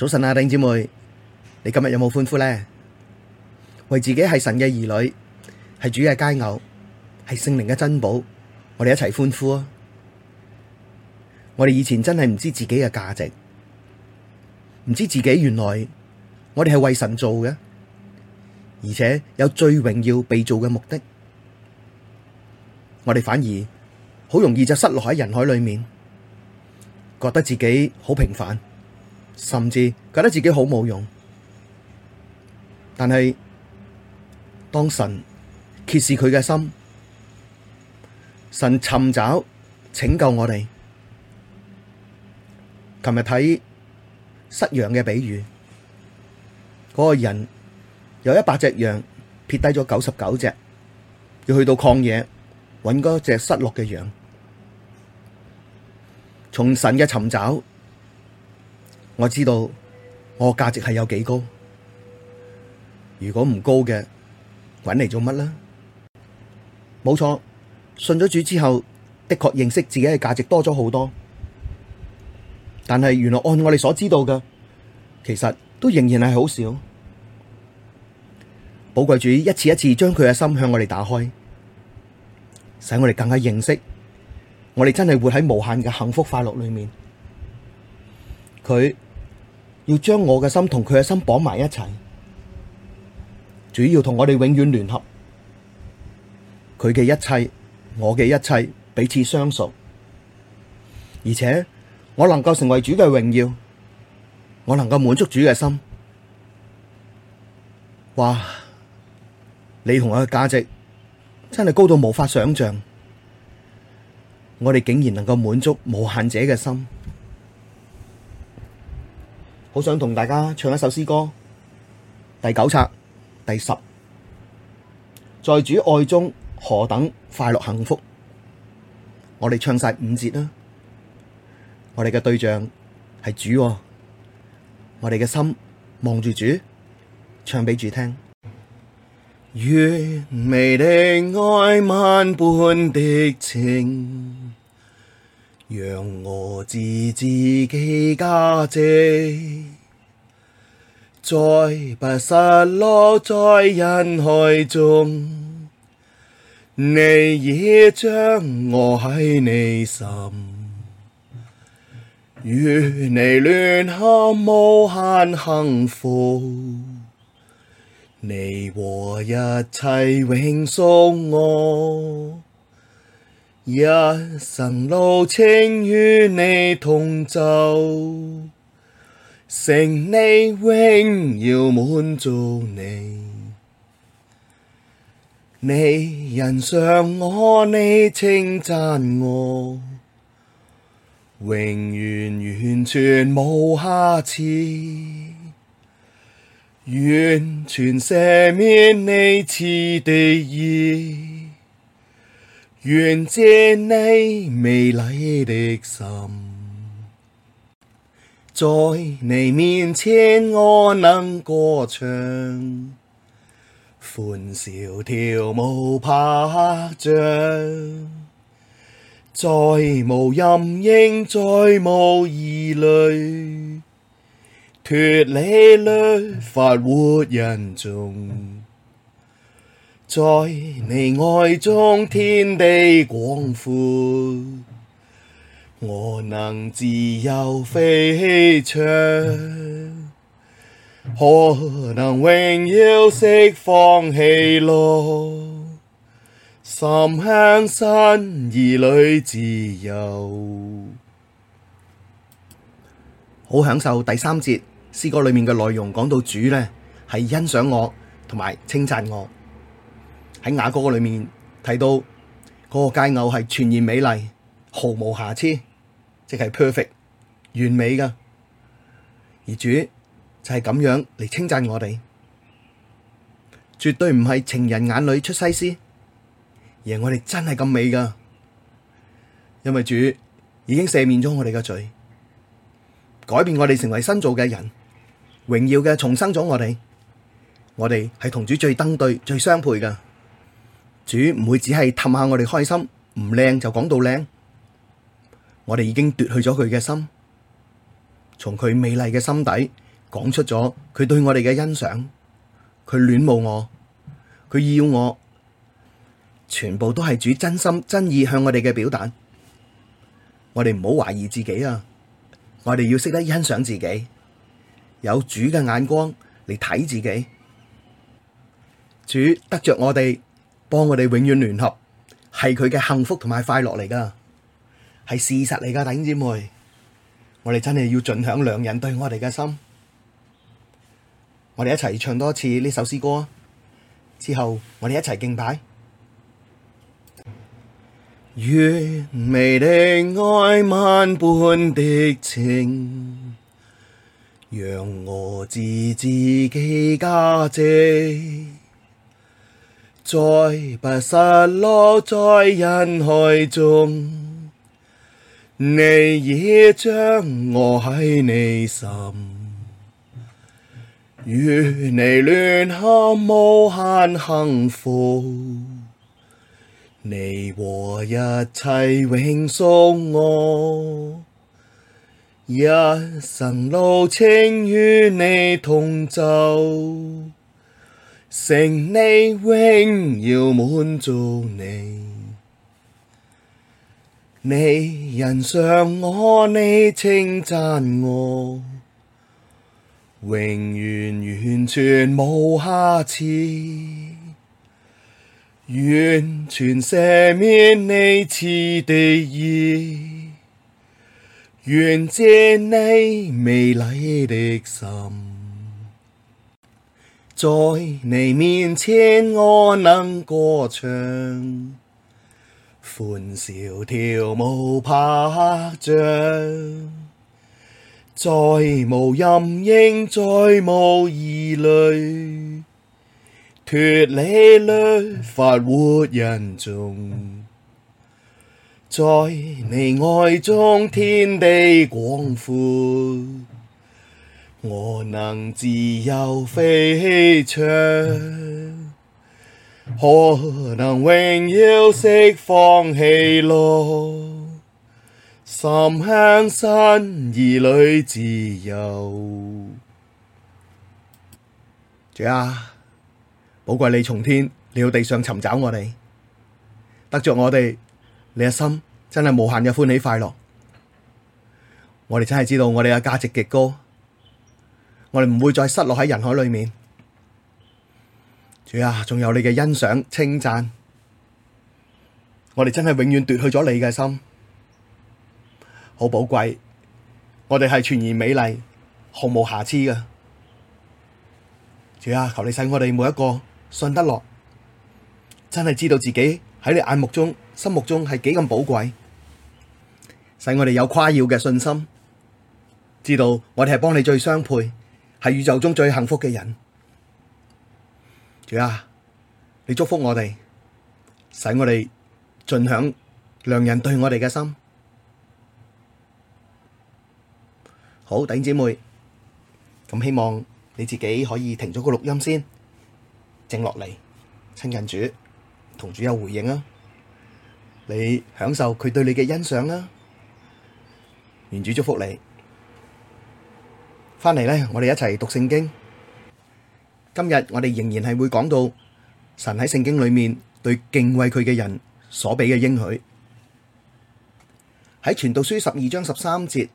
早晨啊，弟兄姊妹，你今日有冇歡呼呢？為自己係神嘅兒女，係主嘅佳偶，係聖靈嘅珍寶，我哋一齊歡呼啊！我哋以前真係唔知自己嘅價值，唔知自己原來我哋係為神做嘅，而且有最榮耀被造嘅目的。我哋反而好容易就失落喺人海裏面，覺得自己好平凡。甚至覺得自己好冇用，但係當神揭示佢嘅心，神尋找拯救我哋。琴日睇失羊嘅比喻，嗰、那個人有一百隻羊，羊，撇低咗九十九隻，要去到曠野揾嗰隻失落嘅羊。從神嘅尋找。我知道我價值係有幾高，如果唔高嘅，揾嚟做乜啦？冇錯，信咗主之後，的確認識自己嘅價值多咗好多。但係原來按我哋所知道嘅，其實都仍然係好少。寶貴主一次一次將佢嘅心向我哋打開，使我哋更加認識，我哋真係活喺無限嘅幸福快樂裏面。佢。要將我嘅心同佢嘅心綁埋一齊，主要同我哋永遠聯合，佢嘅一切，我嘅一切，彼此相屬，而且我能夠成為主嘅榮耀，我能夠滿足主嘅心。哇！你同我嘅價值真係高到無法想象，我哋竟然能夠滿足無限者嘅心。好想同大家唱一首詩歌，第九冊第十，在主愛中何等快樂幸福，我哋唱晒五節啦，我哋嘅對象係主，啊，我哋嘅心望住主，唱俾主聽。完美的愛，萬般的情。讓我自自己價值，再不失落，在人海中，你已將我繫你心，與你聯合無限幸福，你和一切永屬我。一生路程與你同走，成你榮耀滿足你，你欣賞我，你稱讚我，永遠完全無瑕疵，完全赦免你賜的義。源自你美麗的心，在你面前我能歌唱，歡笑、跳舞拍掌，再無陰影，再無疑慮，脫離律法活恩中。在你愛中天地廣闊，我能自由飛翔，何等榮耀、釋放、喜樂，深享神兒女自由！好享受。第三節詩歌裏面嘅內容講到主呢，係欣賞我同埋稱讚我。喺雅歌嘅裏面提到嗰個佳偶係全然美麗，毫無瑕疵，即係 perfect 完美嘅。而主就係咁樣嚟稱讚我哋，絕對唔係情人眼裏出西施，而係我哋真係咁美噶，因為主已經赦免咗我哋嘅罪，改變我哋成為新造嘅人，榮耀嘅重生咗我哋，我哋係同主最登對、最相配噶。主唔會只係氹下我哋開心，唔靚就講到靚。我哋已經奪去咗佢嘅心，從佢美麗嘅心底講出咗佢對我哋嘅欣賞，佢戀慕我，佢要我，全部都係主真心真意向我哋嘅表達。我哋唔好懷疑自己啊！我哋要識得欣賞自己，有主嘅眼光嚟睇自己。主得着我哋。幫我哋永遠聯合，係佢嘅幸福同埋快樂嚟噶，係事實嚟噶，弟兄姊妹，我哋真係要盡享兩人對我哋嘅心。我哋一齊唱多次呢首詩歌，之後我哋一齊敬拜。完美的愛，萬般的情，讓我知自己價值。再不失落，在人海中，你已將我繫你心，與你聯合無限幸福，你和一切永屬我，一生路程與你同走。成你榮耀滿足你，你欣賞我，你稱讚我，永遠完全無瑕疵，完全赦免你賜的義，源自你美麗的心。在你面前我能歌唱，歡笑、跳舞、拍掌，再無陰影，再無疑慮，脫離律法活恩中，在你愛中天地廣闊。我能自由飛翔，何等榮耀、釋放、喜樂。深享神兒女自由。主啊、嗯，寶貴你從天你到地上尋找我哋，得着我哋，你一心真係無限嘅歡喜快樂。我哋真係知道我哋嘅價值極高。我哋唔會再失落喺人海裏面，主啊，仲有你嘅欣賞、稱讚，我哋真係永遠奪去咗你嘅心，好寶貴，我哋係全然美麗，毫無瑕疵嘅，主啊，求你使我哋每一個信得落，真係知道自己喺你眼目中、心目中係幾咁寶貴，使我哋有誇耀嘅信心，知道我哋係幫你最相配。係宇宙中最幸福嘅人，主啊，你祝福我哋，使我哋盡享良人對我哋嘅心。好弟兄姊妹，咁希望你自己可以停咗個錄音先，靜落嚟親近主，同主有回應啊！你享受佢對你嘅欣賞啊。願主祝福你。翻嚟呢，我哋一齊讀聖經。今日我哋仍然係會講到神喺聖經裏面對敬畏佢嘅人所俾嘅應許。喺傳道書十二章十三節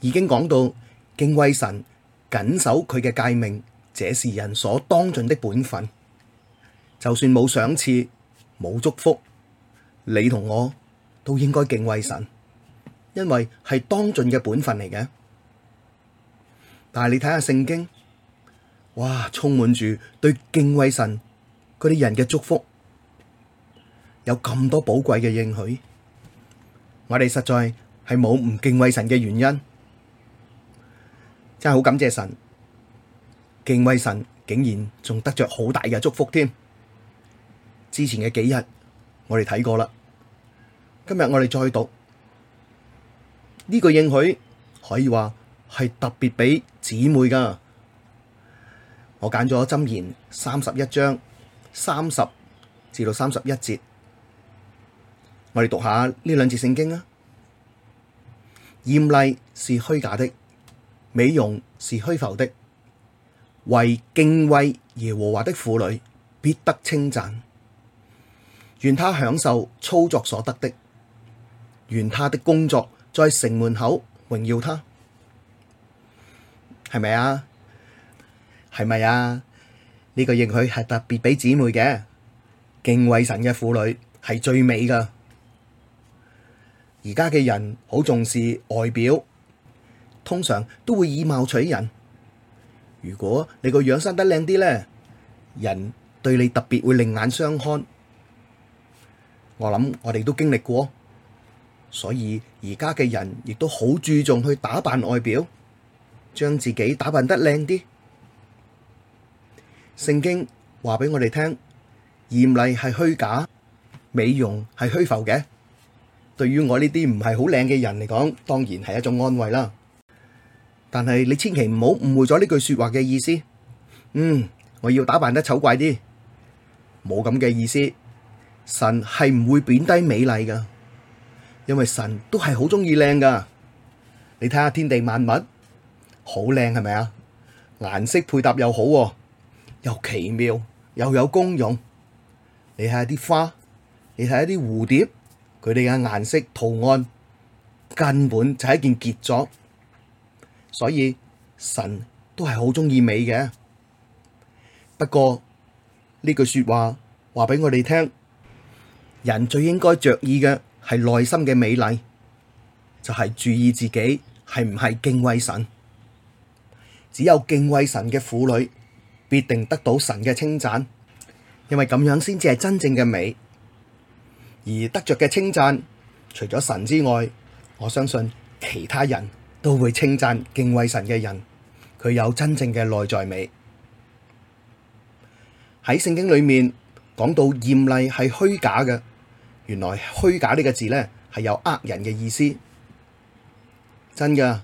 已經講到敬畏神，謹守佢嘅誡命，這是人所當盡的本分。就算冇賞賜，冇祝福，你同我都應該敬畏神，因為係當盡嘅本分嚟嘅。但係你睇下聖經，哇，充滿住對敬畏神嗰啲人嘅祝福，有咁多寶貴嘅應許，我哋實在係冇唔敬畏神嘅原因，真係好感謝神，敬畏神竟然仲得着好大嘅祝福添。之前嘅幾日我哋睇過啦，今日我哋再讀呢個應許，可以話。係特別俾姊妹噶。我揀咗《箴言》三十一章三十至到三十一節，我哋讀下呢兩節聖經啊。艷麗是虛假的，美容是虛浮的。惟敬畏耶和華的婦女，必得稱讚。願她享受操作所得的，願她的工作在城門口榮耀她。係咪啊？係咪啊？呢個應許係特別俾姊妹嘅，敬畏神嘅婦女係最美噶。而家嘅人好重視外表，通常都會以貌取人。如果你個樣生得靚啲咧，人對你特別會另眼相看。我諗我哋都經歷過，所以而家嘅人亦都好注重去打扮外表。將自己打扮得靚啲，聖經話俾我哋聽，艷麗係虛假，美容係虛浮嘅。對於我呢啲唔係好靚嘅人嚟講，當然係一種安慰啦。但係你千祈唔好誤會咗呢句說話嘅意思。嗯，我要打扮得醜怪啲，冇咁嘅意思。神係唔會貶低美麗噶，因為神都係好中意靚噶。你睇下天地萬物。好靚係咪啊？顏色配搭又好喎，啊，又奇妙，又有功用。你睇啲花，你睇一啲蝴蝶，佢哋嘅顏色、圖案根本就係一件傑作。所以神都係好中意美嘅。不過呢句説話話俾我哋聽，人最應該着意嘅係內心嘅美麗，就係、係、注意自己係唔係敬畏神。只有敬畏神嘅婦女必定得到神嘅稱讚，因為咁樣先至係真正嘅美。而得着嘅稱讚，除咗神之外，我相信其他人都會稱讚敬畏神嘅人，佢有真正嘅內在美。喺聖經裏面講到艷麗係虛假嘅，原來虛假呢個字咧，係有呃人嘅意思。真噶，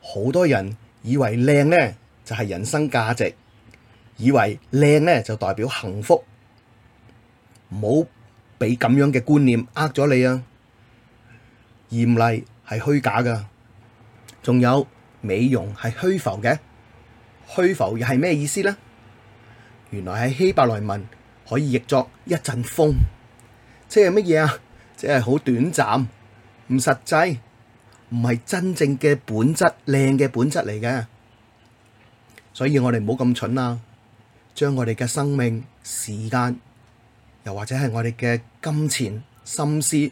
好多人。以為靚呢，就係、是、人生價值，以為靚呢，就代表幸福，唔好畀咁樣嘅觀念呃咗你啊！艷麗係虛假噶仲有美容係虛浮嘅，虛浮又係咩意思呢？原來喺希伯來文可以譯作一陣風，即係乜嘢啊？即係好短暫，唔實際。唔係真正嘅本質，靚嘅本質嚟嘅，所以我哋唔好咁蠢啦，將我哋嘅生命、時間，又或者係我哋嘅金錢、心思，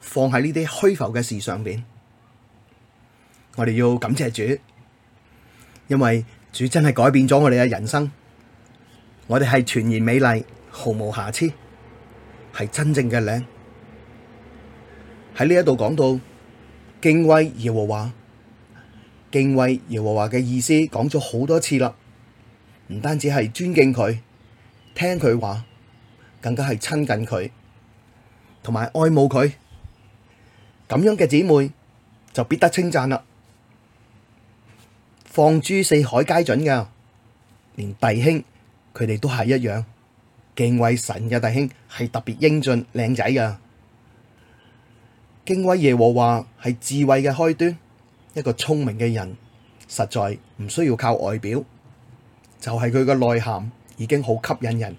放喺呢啲虛浮嘅事上邊。我哋要感謝主，因為主真係改變咗我哋嘅人生，我哋係全然美麗，毫無瑕疵，係真正嘅靚。喺呢一度講到。敬畏耶和華，敬畏耶和華嘅意思講咗好多次啦，唔單止係尊敬佢，聽佢話，更加係親近佢，同埋愛慕佢，咁樣嘅姊妹就必得稱讚啦，放諸四海皆準㗎，連弟兄佢哋都係一樣，敬畏神嘅弟兄係特別英俊靚仔㗎。敬畏耶和華係智慧嘅開端，一個聰明嘅人實在唔需要靠外表，就係佢嘅內涵已經好吸引人。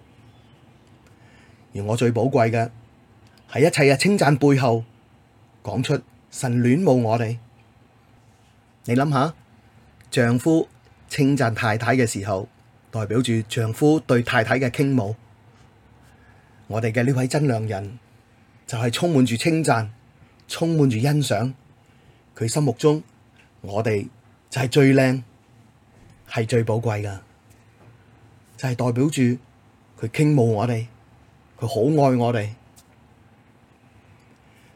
而我最寶貴嘅係一切嘅稱讚背後講出神戀慕我哋。你諗下，丈夫稱讚太太嘅時候，代表住丈夫對太太嘅傾慕。我哋嘅呢位真良人就係、是、充滿住稱讚。充滿住欣賞，佢心目中我哋就係最靚，係最寶貴噶，就係代表住佢傾慕我哋，佢好愛我哋。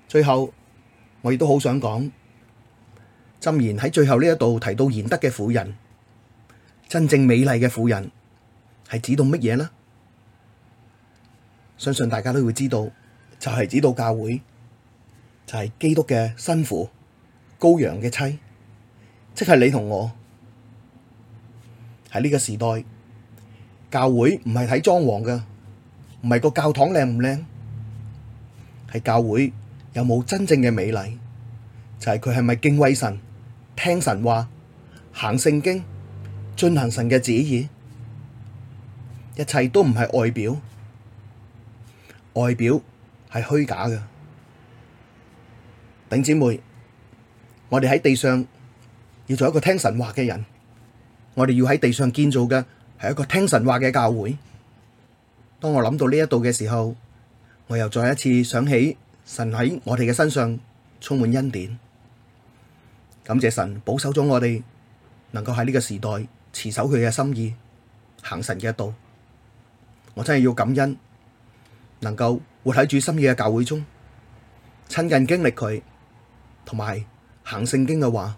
最後，我亦都好想講，箴言喺最後呢一度提到賢德嘅婦人，真正美麗嘅婦人，係指到乜嘢呢？相信大家都會知道，就係指到教會。就係基督嘅新婦，羔羊嘅妻，即係你同我喺呢個時代，教會唔係睇裝潢㗎，唔係個教堂靚唔靚，係教會有冇真正嘅美麗，就係佢係咪敬畏神、聽神話、行聖經、進行神嘅旨意，一切都唔係外表，外表係虛假嘅。頂姊妹，我哋喺地上要做一個聽神話嘅人，我哋要喺地上建造嘅係一個聽神話嘅教會。當我諗到呢一度嘅時候，我又再一次想起神喺我哋嘅身上充滿恩典，感謝神保守咗我哋能夠喺呢個時代持守佢嘅心意，行神嘅一道。我真係要感恩，能夠活喺主心意嘅教會中，親近經歷佢。同埋行聖經嘅話，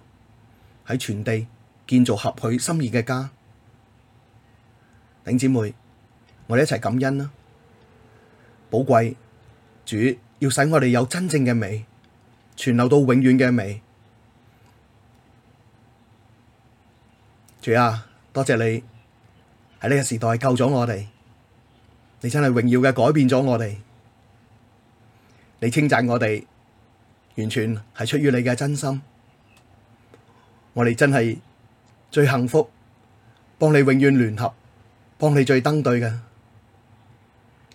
喺全地建造合佢心意嘅家，頂姊妹，我哋一齊感恩啦！寶貴，主要使我哋有真正嘅美，傳流到永遠嘅美。主啊，多謝你喺呢個時代救咗我哋，你真係榮耀嘅改變咗我哋，你稱讚我哋。完全係出於你嘅真心，我哋真係最幸福，幫你永遠聯合，幫你最登對嘅。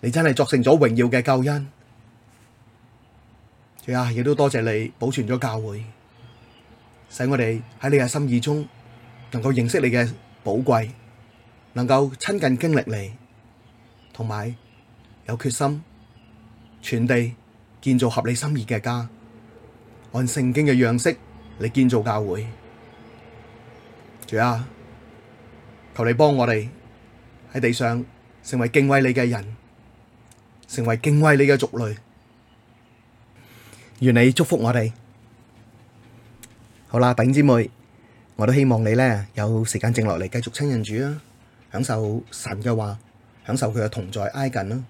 你真係作成咗榮耀嘅救恩，主啊，亦都多謝你保存咗教會，使我哋喺你嘅心意中能夠認識你嘅寶貴，能夠親近經歷你，同埋有，有決心傳遞、建造合你心意嘅家。按聖經嘅樣式嚟建造教會，主啊，求你幫我哋喺地上成為敬畏你嘅人，成為敬畏你嘅族類，願你祝福我哋。好啦，弟兄姊妹，我都希望你咧有時間靜落嚟繼續親近主啊，享受神嘅話，享受佢嘅同在挨近啦、啊，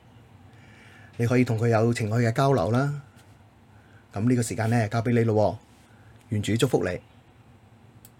你可以同佢有情愛嘅交流啦、啊。咁呢個時間咧，交俾你咯，願主祝福你。